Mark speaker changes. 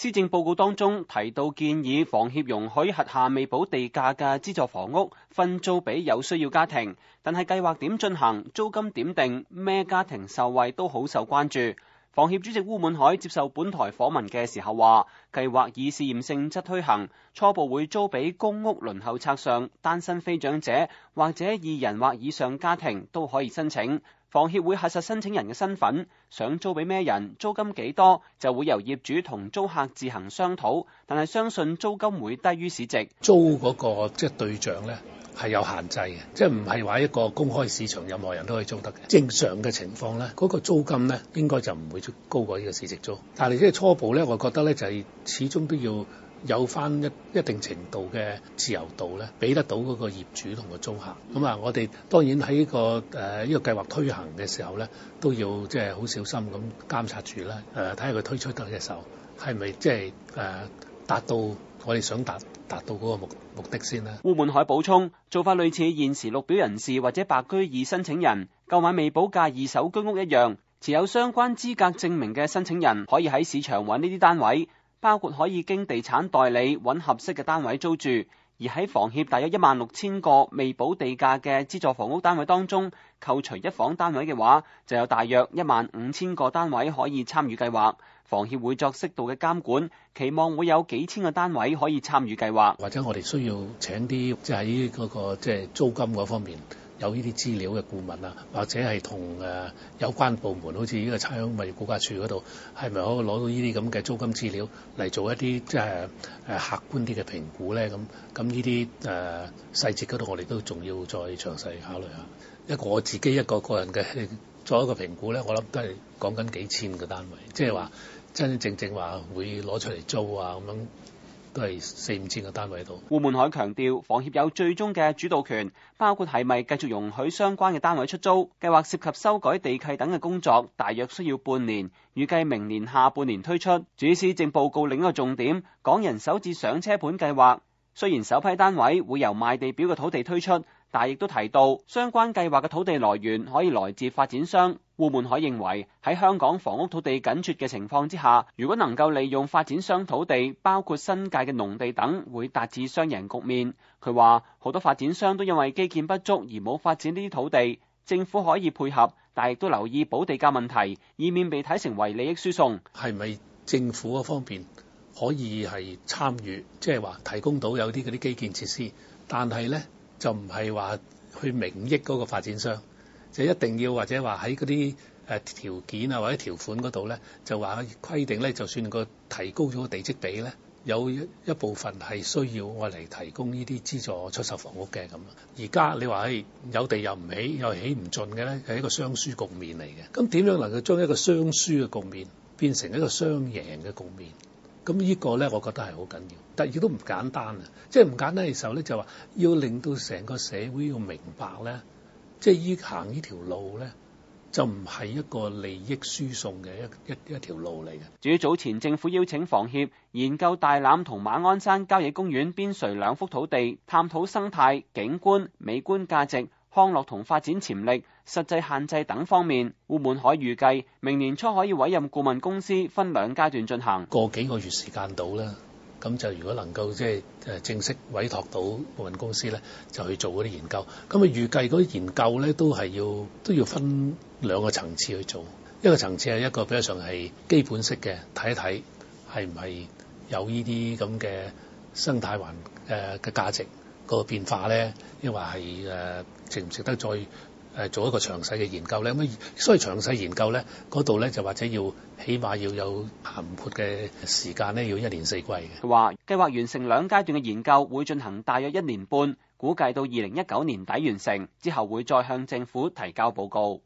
Speaker 1: 施政報告當中提到建議房協容許轄下未補地價嘅資助房屋分租俾有需要家庭，但係計劃點進行、租金點定、咩家庭受惠都好受關注。房協主席鄔滿海接受本台訪問嘅時候話，計劃以試驗性質推行，初步會租俾公屋輪候冊上單身非長者或者二人或以上家庭都可以申請。房協會核實申請人嘅身份，想租俾咩人，租金幾多，就會由業主同租客自行商討。但係相信租金會低於市值。
Speaker 2: 租嗰個即係對象咧，係有限制嘅，即係唔係話一個公開市場任何人都可以租得嘅。正常嘅情況咧，嗰個租金咧應該就唔會高過呢個市值租。但係即係初步咧，我覺得咧就係始終都要有翻一一定程度嘅自由度咧，俾得到嗰個業主同個租客。咁啊，我哋當然喺、這個誒呢、呃這個計劃推行嘅時候咧，都要即係好小心咁監察住啦。誒、呃，睇下佢推出得嘅時候，係咪即係誒達到我哋想達達到嗰個目目的先啦。
Speaker 1: 鄔滿海補充，做法類似現時綠表人士或者白居易申請人購買未補價二手居屋一樣，持有相關資格證明嘅申請人可以喺市場搵呢啲單位。包括可以經地產代理揾合適嘅單位租住，而喺房協大約一萬六千個未補地價嘅資助房屋單位當中，扣除一房單位嘅話，就有大約一萬五千個單位可以參與計劃。房協會作適度嘅監管，期望會有幾千個單位可以參與計劃。或
Speaker 2: 者我哋需要請啲，即係喺嗰個即係、就是、租金嗰方面。有呢啲資料嘅顧問啊，或者係同誒有關部門，好似呢個差餉物業估價署嗰度，係咪可以攞到呢啲咁嘅租金資料嚟做一啲即係誒客觀啲嘅評估咧？咁咁呢啲誒細節嗰度，我哋都仲要再詳細考慮下。一個我自己一個個人嘅作一個評估咧，我諗都係講緊幾千個單位，即係話真真正正話會攞出嚟租啊咁樣。
Speaker 1: 都係四五千個單位度。鄔滿海強調，房協有最終嘅主導權，包括係咪繼續容許相關嘅單位出租。計劃涉及修改地契等嘅工作，大約需要半年，預計明年下半年推出。至於施政報告另一個重點，港人首置上車盤計劃，雖然首批單位會由賣地表嘅土地推出，但亦都提到相關計劃嘅土地來源可以來自發展商。鄔滿海認為喺香港房屋土地緊絀嘅情況之下，如果能夠利用發展商土地，包括新界嘅農地等，會達至雙贏局面。佢話好多發展商都因為基建不足而冇發展呢啲土地，政府可以配合，但亦都留意補地價問題，以免被睇成為利益輸送。
Speaker 2: 係咪政府嗰方面可以係參與，即係話提供到有啲嗰啲基建設施？但係咧就唔係話去明益嗰個發展商。就一定要或者話喺嗰啲誒條件啊或者條款嗰度咧，就話規定咧，就算佢提高咗個地積比咧，有一部分係需要我嚟提供呢啲資助出售房屋嘅咁。而家你話係有地又唔起，又起唔盡嘅咧，係一個雙輸局面嚟嘅。咁點樣能夠將一個雙輸嘅局面變成一個雙贏嘅局面？咁呢個咧，我覺得係好緊要，但亦都唔簡單啊！即係唔簡單嘅時候咧，就話要令到成個社會要明白咧。即係依行條呢條路咧，就唔係一個利益輸送嘅一一一條路嚟嘅。
Speaker 1: 至於早前政府邀請房協研究大欖同馬鞍山郊野公園邊陲兩幅土地，探討生態、景觀、美觀價值、康樂同發展潛力、實際限制等方面，鄔滿海預計明年初可以委任顧問公司分兩階段進行。過幾個月時間到啦。
Speaker 2: 咁就如果能夠即係誒正式委託到運公司咧，就去做嗰啲研究。咁啊預計嗰啲研究咧都係要都要分兩個層次去做。一個層次係一個比較上係基本式嘅睇一睇，係唔係有呢啲咁嘅生態環誒嘅價值、個變化咧？亦或係誒值唔值得再，誒做一個詳細嘅研究咧，咁所以詳細研究咧，嗰度咧就或者要起碼要有含括嘅時間咧，要
Speaker 1: 一年四季嘅。佢話計劃完成兩階段嘅研究，會進行大約一年半，估計到二零一九年底完成，之後會再向政府提交報告。